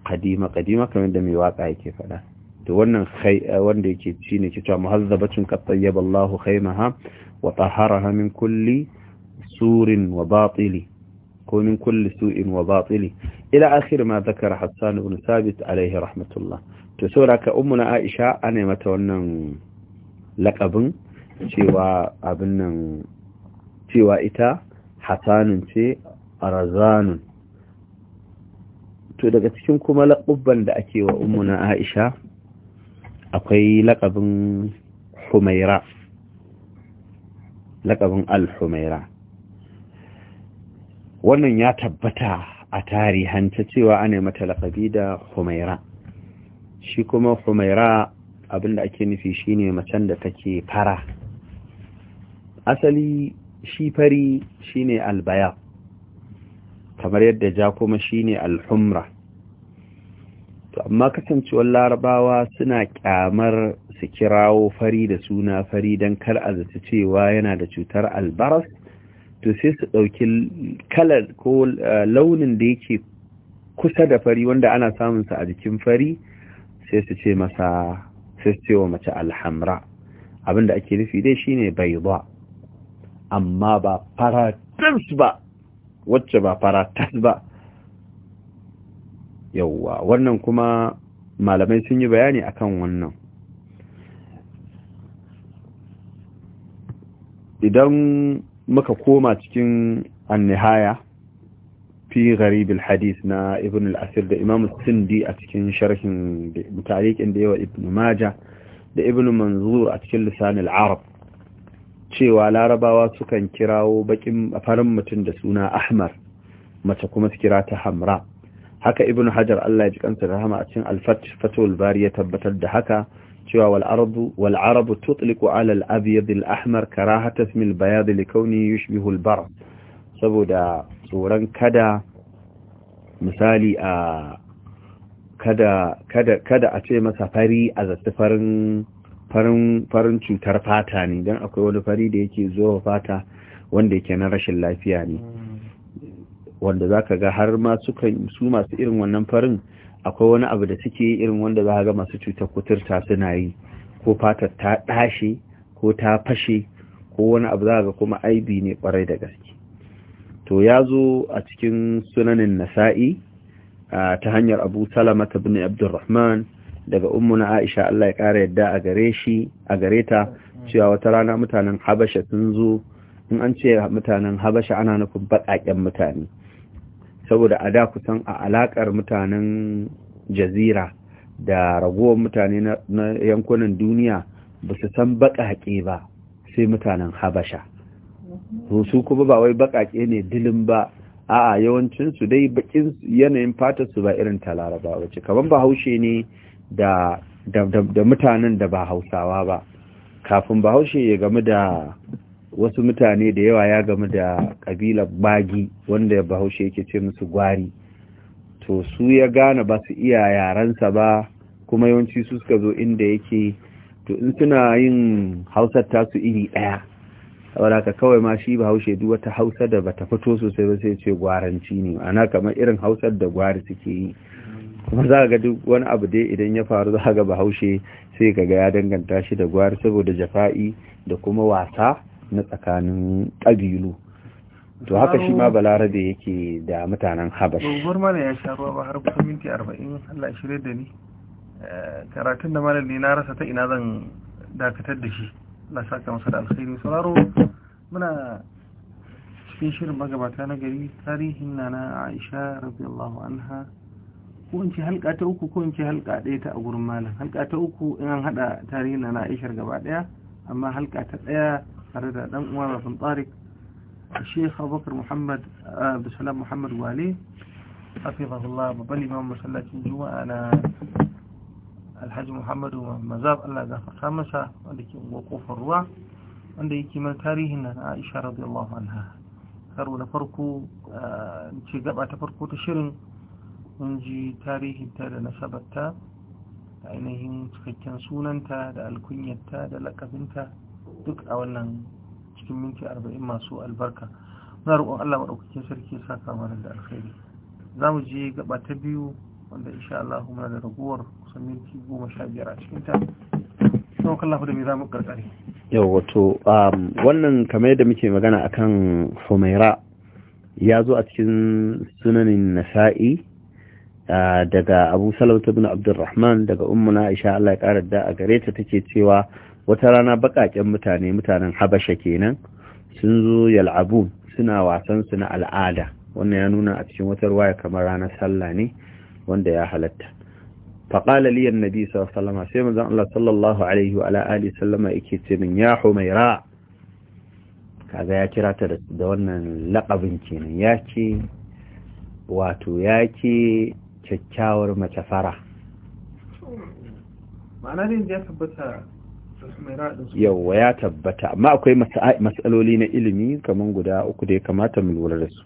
qadima qadima kamar da mai waka yake fada to wannan uh, wanda yake shine cewa muhazzabatun qad tayyaballahu khaymaha وطهرها من كل سور وباطل ومن كل سوء وباطل إلى آخر ما ذكر حسان بن ثابت عليه رحمة الله تسورة كأمنا عائشة أنا متونا لقب شوى أبن شوى إتا حسان شي أرزان تودك تشنكم لقبا دأتي وأمنا عائشة أقي لقب حميرة lakabin al-humaira wannan ya tabbata a tarihan ta cewa ana mata lakabi da humaira shi kuma humaira abinda ake nufi shine macen da take fara asali shi fari shine albaya kamar yadda ja kuma shine alhumra to amma kasancewar larabawa suna kyamar su kirawo fari da suna fari don kar a zata cewa yana da cutar albaras to sai su ɗauki kalar ko eh, launin da yake kusa da fari wanda ana samunsa a jikin fari sai su ce masa sai su ce wa mace alhamra abinda ake nufi dai shine bai ba amma ba faratas ba wacce ba faratas ba yauwa wannan kuma malamai sun yi bayani akan wannan idan muka koma cikin annihaya fi gharib hadis na ibn al-asir da imam sindi a cikin sharhin tariqin da yawa ibn majah da ibn manzur a cikin lisan al-arab cewa larabawa sukan kirawo bakin farin mutum da suna ahmar mace kuma su kira ta hamra haka ibn hajar Allah ya ji kansa rahama a cikin al-fath fatul bari ya tabbatar da haka cewa wal arabu wal arabu tutliqu ala al abyad al ahmar karahata ism al bayad li kauni yushbihu al bar saboda tsoron kada misali a kada kada kada a ce masa fari a zata farin farin farin cutar fata ne dan akwai wani fari da yake zuwa fata wanda yake na rashin lafiya ne wanda zaka ga har ma su masu irin wannan farin akwai wani abu da suke irin wanda za ga masu cutar kuturta suna yi ko fata ta ɗashe ko ta fashe ko wani abu za ga kuma aibi ne kwarai da gaske to ya zo a cikin sunanin nasa'i ta hanyar abu salamata bin abdurrahman daga ummuna aisha Allah ya ƙara yadda a gare shi a gare ta cewa wata rana mutanen habasha sun zo in an ce mutanen habasha ana nufin baƙaƙen mutane saboda a da kusan a alaƙar mutanen jazira da ragowar mutane na yankunan duniya ba su san baƙaƙe ba sai mutanen habasha mhm. su kuma ba wai baƙaƙe ne dilin ba a'a yawancinsu dai bakin yanayin fatarsu ba irin ta laraba wacce kamar bahaushe ne da mutanen da ba hausawa ba kafin bahaushe ya gamu da wasu mutane da yawa ya gamu da ƙabilar bagi wanda bahaushe yake ce musu gwari to su ya gane ba su iya yarensa ba kuma yawanci su suka zo inda yake to in suna yin hausar tasu iri ɗaya saboda ka kawai ma shi bahaushe duk wata hausa da bata fito sosai ba sai ce gwaranci ne ana kamar irin hausar da gwari suke yi kuma za ga duk wani abu dai idan ya faru za ga bahaushe sai ka ga ya danganta shi da gwari saboda jafa'i da kuma wasa na tsakanin ƙabilu to haka shi ma balarabe yake da mutanen habash doguwar mana ya sha ruwa ba har kusan minti arba'in allah shirya da ni eh, karatun da malami na rasa ta ina zan dakatar da shi allah saka masa da alkhairi sauraro muna cikin shirin magabata na gari tarihin na na aisha radiyallahu anha ko in ce halka ta uku ko in ce halka ɗaya ta a gurin malam halka ta uku in an haɗa tarihin na na aishar gaba ɗaya amma halka ta ɗaya tare da dan uwa Rabbul Tariq Sheikh Abubakar Muhammad eh, Abdulsalam Muhammad Wali hafizahullah babban imam masallacin Juma'a na Alhaji Muhammad Mazab Allah ya gafarta masa wanda ke ungo kofar ruwa wanda yake mai tarihin na Aisha radiyallahu anha karo na farko eh, ce gaba ta farko ta shirin mun ji tarihinta da nasabarta da ainihin cikakken sunanta da alkunyarta da lakabinta duk a wannan cikin minti arba'in masu albarka na roƙon Allah maɗaukakin sarki ya saka mana da alkhairi za mu je gaba ta biyu wanda insha Allah muna da raguwar kusan minti goma sha biyar a cikin ta sun kallafa da me za mu karkare yau wato um, wannan kamar yadda muke magana akan humaira ya zo a cikin sunanin nasa'i uh, daga abu salamta bin abdurrahman daga ummuna aisha Allah ya karar da a gare ta take cewa wata rana baƙaƙen mutane mutanen habasha kenan sun zo yal'abu suna wasan su na al'ada wannan ya nuna a cikin wata ruwaya kamar ranar sallah ne wanda ya halatta faƙala liyar nabi wasallam sai mazan Allah sallallahu alaihi wa alihi sallama yake ce min ya humaira kaga ya kira ta da wannan laƙabin kenan ya ce wato ya ce kyakkyawar mace fara ma'ana ne ya tabbata yawwa ya tabbata amma akwai matsaloli na ilimi kamar guda uku da ya kamata mu lura da su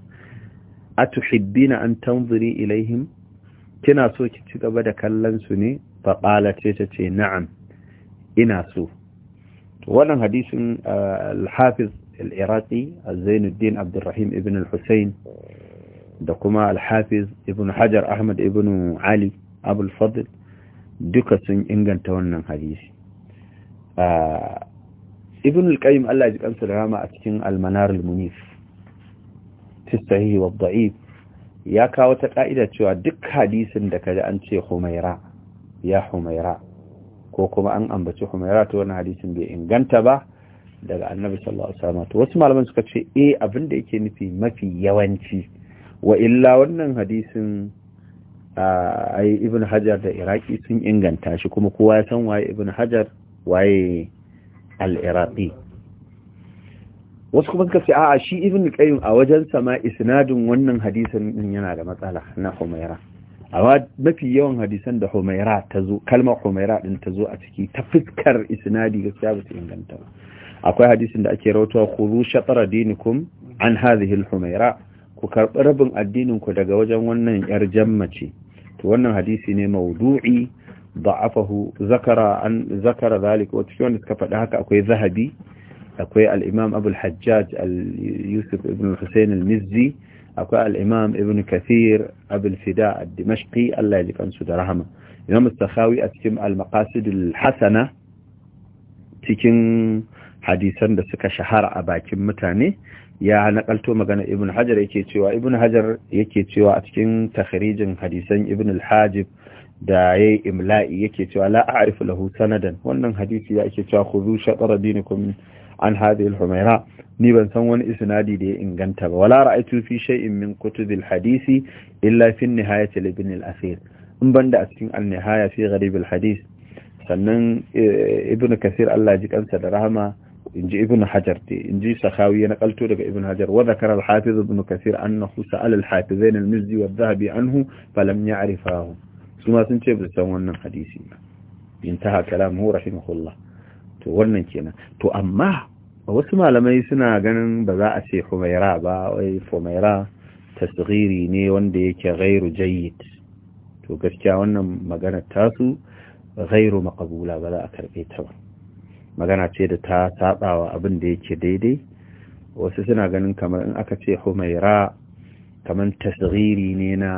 na an tanzuri ilaihim kina so ki ci gaba da kallon su ne ba ɓalace ta ce na'am ina so wanan wannan hadisin ah, al-hafiz al-iraqi zainuddin abdurrahim ibn al da kuma al-hafiz ibn hajar ahmad ibn ali abul fadl duka sun inganta wannan hadisi ibn al-qayyim Allah ya ji kansa da rama a cikin al-manar al-munif wa da'if ya kawo ta ka'ida cewa duk hadisin da kaji an ce humaira ya humaira ko kuma an ambaci humaira to wannan hadisin bai inganta ba daga annabi sallallahu alaihi wasallam to wasu malaman suka ce eh abin da yake nufi mafi yawanci wa illa wannan hadisin ai ibn hajar da iraki sun inganta shi kuma kowa ya san waye ibn hajar waye al-iraqi wasu kuma suka ce a'a shi ibn qayyim a wajen sama isnadin wannan hadisin yana da matsala na humaira amma mafi yawan hadisan da humaira ta zo kalmar humaira din ta zo a ciki ta fuskar isnadi gaskiya ba ta inganta akwai hadisin da ake rawato khudhu shatara dinikum an hadhihi al-humaira ku karbi rabin addinin ku daga wajen wannan yar jammace to wannan hadisi ne mawdu'i da'afahu zakara an zakara zalika wa tushun haka akwai zahabi akwai al-imam abu yusuf ibn al al-mizzi akwai al-imam ibn kathir abu al-fida al-dimashqi Allah ya da rahama imam al-sakhawi a cikin al-maqasid al-hasana cikin hadisan da suka shahara a bakin mutane ya nakalto magana ibn hajar yake cewa ibn hajar yake cewa a cikin takhrijin hadisan ibn al da yayi imla'i yake cewa la a'rifu lahu sanadan wannan hadisi ya ake cewa khudhu shatara dinikum an hadhihi al-humaira ni ban san wani isnadi da ya inganta ba wala ra'aytu fi shay'in min kutubil hadisi illa fi nihayati ibn al-asir in banda a cikin al-nihaya fi gharib al-hadis sannan eh, ibn kasir Allah ji kansa da rahama inji ibn hajar inji sakhawi na nakalto daga ibn hajar wa dhakara al-hafiz ibn kasir annahu sa'ala al-hafizain al-mizzi wa dhahabi anhu falam ya'rifahu su ma sun ce ba san wannan hadisi ba intaha kalamuhu rahimahullah to wannan kenan to amma wasu malamai suna ganin ba za a ce humaira ba wai humaira tasghiri ne wanda yake ghairu jayyid to gaskiya wannan magana tasu ghairu maqbula ba za a karbe ta ba magana ce da ta sabawa abin da yake daidai wasu suna ganin kamar in aka ce humaira kaman tasghiri ne na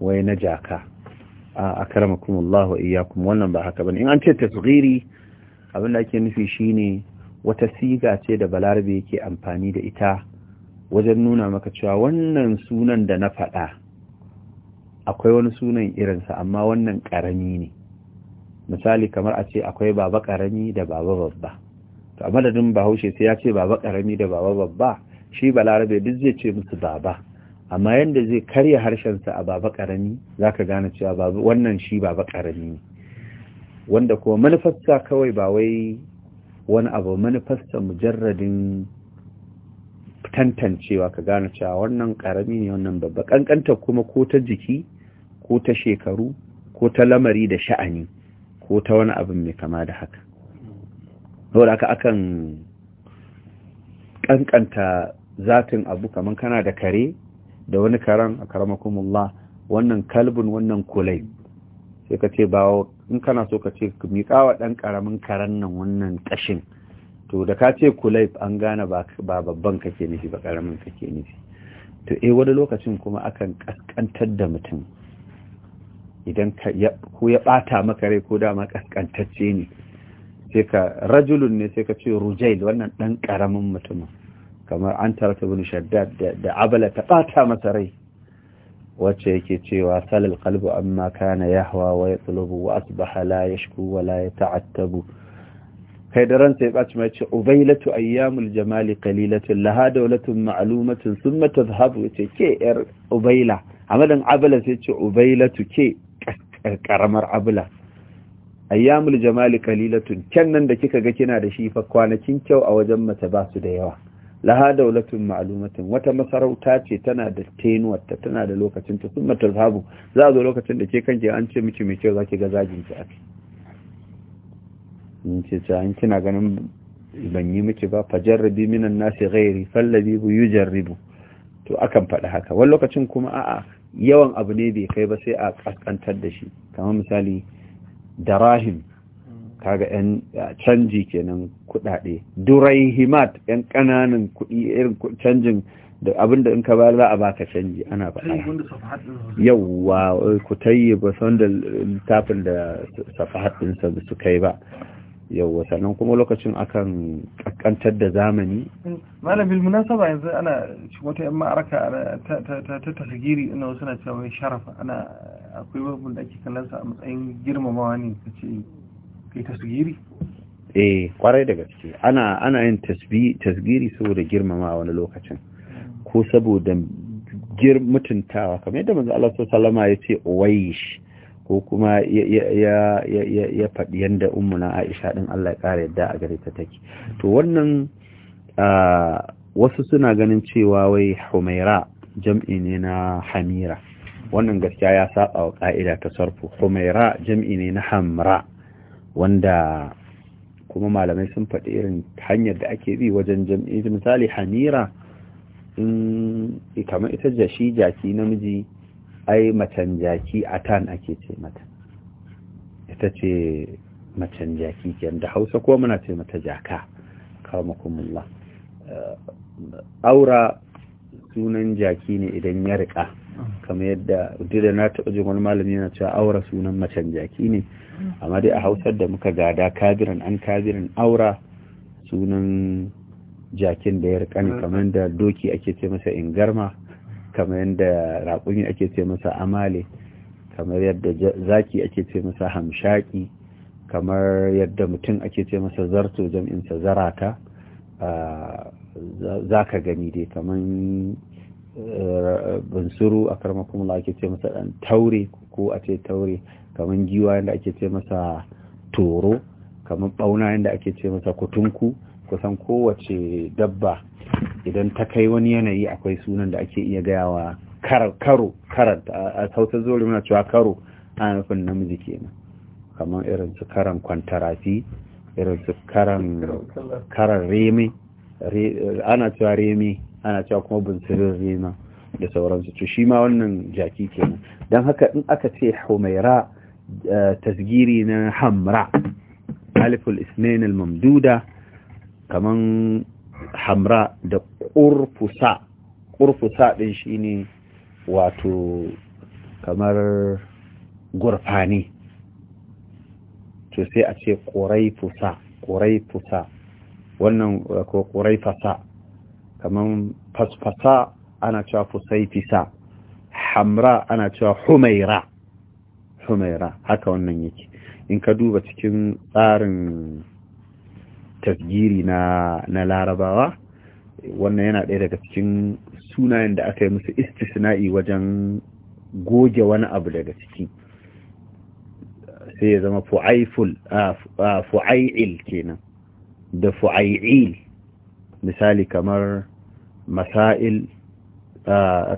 wai na jaka a akramakumullah wa wannan ba haka bane in an ce tasghiri abin da ake nufi shine wata siga ce da balarabe yake amfani da ita wajen nuna maka cewa wannan sunan da na faɗa akwai wani sunan irinsa amma wannan ƙarami ne misali kamar a ce akwai baba ƙarami da baba babba to a madadin bahaushe sai ya ce baba ƙarami da baba babba shi balarabe duk zai ce musu baba amma yadda zai karya harshensa a baba karami ka gane cewa wannan shi baba karami ne wanda kuma manufasta kawai ba wai wani abu Manufasta mujarradin tantancewa ka gane cewa wannan karami ne wannan babba kankanta kuma ko ta jiki ko ta shekaru ko ta lamari da sha'ani ko ta wani abin mai kama da haka haka akan ƙanƙanta zatin abu kaman kana da kare da wani karan a karamakumullah wannan kalbin wannan kulai sai ka ce ba in kana so ka ce mi kawa ɗan karamin karen nan wannan kashin to da ka ce kulai an gane ba babban kake nufi ba ƙaramin kake nufi to eh wani lokacin kuma akan ƙasƙantar da mutum idan ko ya ɓata maka rai ko dama kaskantacce ne sai ka rajulun ne sai ka ce rujail wannan ɗan ƙaramin mutumin kamar an tarata bin shaddad da abala ta ɓata masa rai wacce yake cewa salal qalbu amma kana yahwa wa yatlubu wa asbaha la yashku wa la yata'attabu kai da ransa ya baci mai ce ubailatu ayyamul jamali qalilatun laha dawlatun ma'lumatun thumma tadhhabu ce ke yar ubaila amadan abala sai ce ubailatu ke karamar abala ayyamul jamali kyan nan da kika ga kina da shi fa kwanakin kyau a wajen mace ba su da yawa laha daulatun ma'lumatin wata masarauta ce tana da tenuwarta tana da lokacin ta sun matar za a zo lokacin da ke kanke an ce miki mai kyau zaki ga zagin ki ake in ce ce an kina ganin ban yi miki ba fajarrabi minan nasi ghairi fallabi bu yujarribu to akan faɗi haka wani lokacin kuma a'a yawan abu ne bai kai ba sai a kaskantar da shi kamar misali darahim kaga yan canji kenan kuɗaɗe durai himat yan ƙananan kuɗi irin canjin da abinda in ka ba za a baka canji ana faɗa yawwa eh, ku tayyi ba san da littafin da safahat ɗinsa ba su kai ba yawwa sannan kuma lokacin akan kankantar da zamani malam malamin munasaba yanzu ana wata yan ma'araka ta tasgiri ina wasu na cewa sharafa ana akwai wani da ake kallon sa a matsayin girmamawa ne kace ke tasgiri eh kwarai da gaske ana ana yin tasgiri saboda girmama wani lokacin ko saboda gir mutuntawa kamar yadda manzo Allah sallallahu alaihi ya ce uwaish ko kuma ya faɗi yadda ummuna Aisha ɗin Allah ya ƙara yadda a gare ta take to wannan wasu suna ganin cewa wai Humaira jam'i ne na Hamira wannan gaskiya ya saba wa ƙa'ida ta sarfu Humaira jam'i ne na Hamra wanda kuma malamai sun faɗi irin hanyar da ake bi wajen jam'i misali hanira in kamar ita jashi jaki namiji ai macen jaki a tan ake ce mata ita ce macen jaki kyan da hausa ko muna ce mata jaka kamakumullah aura sunan jaki ne idan ya riƙa kamar yadda duk da na taɓa jin wani malami yana cewa aura sunan macen jaki ne amma dai a hausar da muka gada kabiran an kabiran aura sunan jakin da ya rikani kamar da doki ake ce masa ingarma kamar yadda raƙumi ake ce masa amale kamar yadda zaki ake ce masa hamshaki kamar yadda mutum ake ce masa zarto jam'insa zarata ah, za ka gani dai kamar bansuru a karmakon ake ce masa dan taure ko a ce taure kamar giwa yadda ake ce masa toro kamar bauna yadda ake ce masa kutunku kusan kowace dabba idan ta kai wani yanayi akwai sunan da ake iya gaya wa karo karanta a sautar zori muna cewa karo ana nufin namiji kenan kamar irin su karan kwantarafi irin su karan remi. ana cewa reme ana cewa kuma bunsirin rima da sauransu to shi ma wannan jaki kenan don haka in aka ce humaira eh, tasgiri na hamra aliful isnain mamduda kaman hamra da ƙurfusa ƙurfusa ɗin shi ne wato kamar gurfani to sai a ce ƙurai fusa ƙurai fusa wannan eh, ko ƙurai fasa kamar fasfasa ana cewa fusaitisa hamra ana cewa humaira humaira haka wannan yake in ka duba cikin tsarin tasgiri na, na larabawa wannan yana ɗaya daga cikin sunayen da aka yi musu istisna'i wajen goge wani abu daga ciki sai ya zama fu'ai'il kenan da fu'ai'il misali kamar masail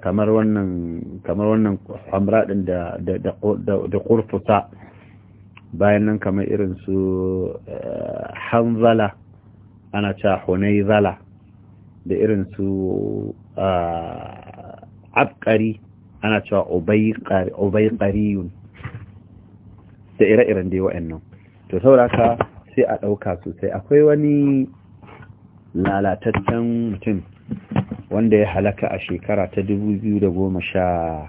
kamar wannan kamar wannan hamra din da da qurfuta bayan nan kamar irin su eh, hanzala ana cewa hunaizala da irin su abqari ana cewa qari da ire-iren dai wa'annan to sauraka sai a ɗauka sosai akwai wani lalataccen mutum wanda ya halaka a shekara ta 2011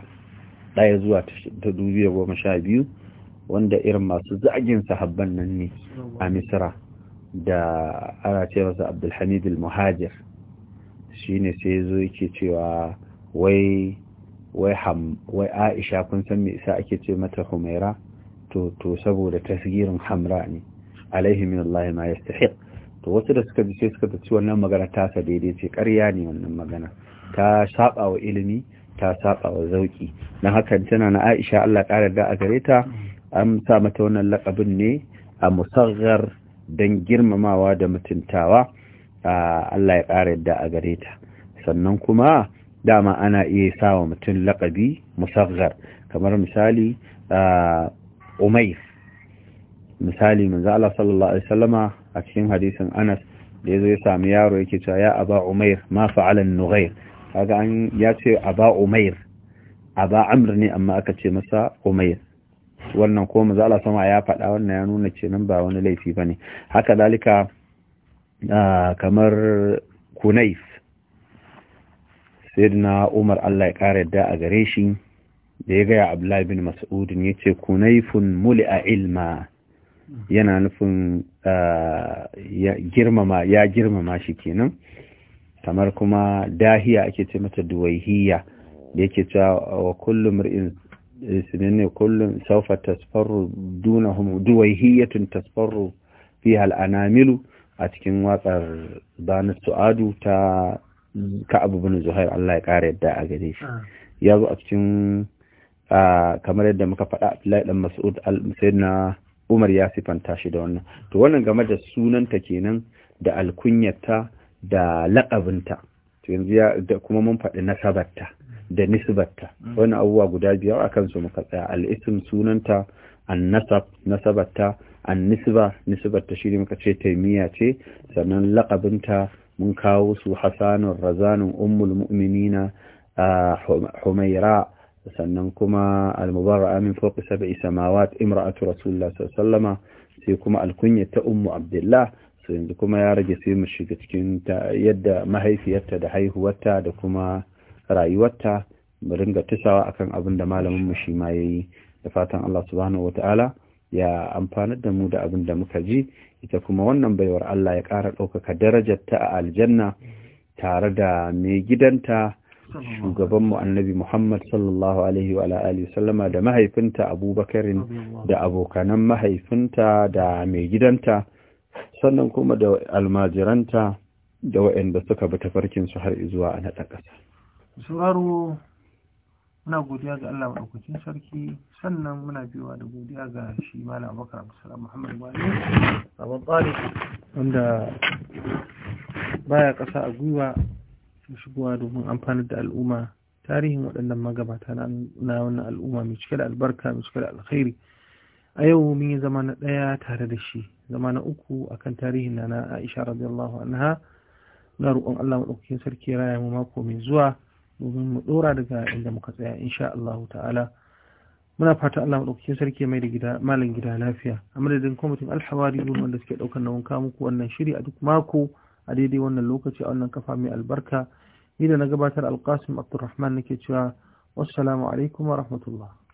zuwa ta biyu wanda irin masu zagin sahabban nan ne a misira da ana ce masa abdulhamid al-muhajir shi ne sai ya zo yake cewa wai aisha kun san me isa ake ce mata humaira to saboda tasgirin hamra ne alaihimin allahi ma yastahiq to wasu da suka bi sai suka ci wannan magana ta tasa daidai ce karya ne wannan magana ta saba wa ilimi ta saba wa zauki don haka tana na aisha allah ƙara da a gare ta an sa mata wannan laƙabin ne a musaggar don girmamawa da mutuntawa allah ya ƙara da a gare ta sannan kuma dama ana iya sa wa mutum laƙabi musaggar kamar misali umair misali manzo Allah sallallahu alaihi wasallama a cikin hadisin anas da ya zo ya sami yaro yake cewa ya aba umair ma fa'alan nughair kaga an ya ce aba umair aba amr ne amma aka ce masa umair wannan ko maza Allah sama ya faɗa wannan ya nuna ce nan ba wani laifi bane haka dalika kamar kunais sayyidina umar Allah ya kare yadda a gare shi da ya gaya abdullahi bin mas'ud ya ce kunaifun a ilma yana nufin ah, ya girmama shi kenan kamar kuma dahiya ake ce mata duwaihiya da yake cewa wa kullum mar'in ne kullum saufa tasfarru dunahum duwaihiyatun tasfarru fi al'anamilu a cikin watsar bani su'adu ta ka'abu bin zuhair Allah ya kare yadda a gare shi ya zo a cikin ah, kamar yadda muka faɗa Abdullahi dan Mas'ud al-Musayyid na Umar ya sifanta shi da wannan to wannan game da sunanta kenan da alkunyarta da laƙabinta to yanzu ya da kuma mun faɗi nasabarta da nisbarta Wani abubuwa guda biyar akan su muka tsaya al sunanta an-nasab nasabarta an-nisba nisbarta shi muka ce taimiya ce sannan laƙabinta mun kawo su hasanun razanun ummul mu'minina ah, humaira sannan kuma al-mubarra min fawqi sab'i samawat imra'atu rasulullah sallallahu sai kuma alkunya ta ummu abdullah su yanzu kuma ya rage sai mu shiga cikin yadda mahaifiyarta da haihuwarta da kuma rayuwarta mu ringa tusawa akan abin da malamin mu shi ma yayi da fatan Allah subhanahu wataala ya amfanar da mu da abin da muka ji ita kuma wannan baiwar Allah ya ƙara ɗaukaka darajarta a aljanna tare da mai gidanta shugabanmu annabi Muhammad sallallahu alaihi wa alihi sallama da mahaifinta Abubakarin da abokanan mahaifinta da mai gidanta sannan kuma da almajiranta da waɗanda suka bi tafarkin su har zuwa a naɗa ƙasa. Sauraro muna godiya ga Allah maɗaukakin sarki sannan muna biyuwa da godiya ga shi malam Abubakar Abdulsalam Muhammad abu tsari wanda baya ƙasa a gwiwa ke shigowa domin amfanar da al'umma tarihin waɗannan magabata na wannan al'umma mai cike da albarka mai cike da alkhairi a yau mun yi zama na ɗaya tare da shi zama na uku akan tarihin na na aisha radiyallahu anha na roƙon allah maɗaukakin sarki raya mu mako mai zuwa domin mu ɗora daga inda muka tsaya insha allahu ta'ala muna fata allah maɗaukakin sarki mai da gida malam gida lafiya a madadin kwamitin alhawari wanda suke ɗaukar nauyin kawo muku wannan shiri a duk mako a daidai wannan lokaci a wannan kafa mai albarka ni da na gabatar alkasim abdulrahman nake cewa wassalamu alaikum wa rahmatullah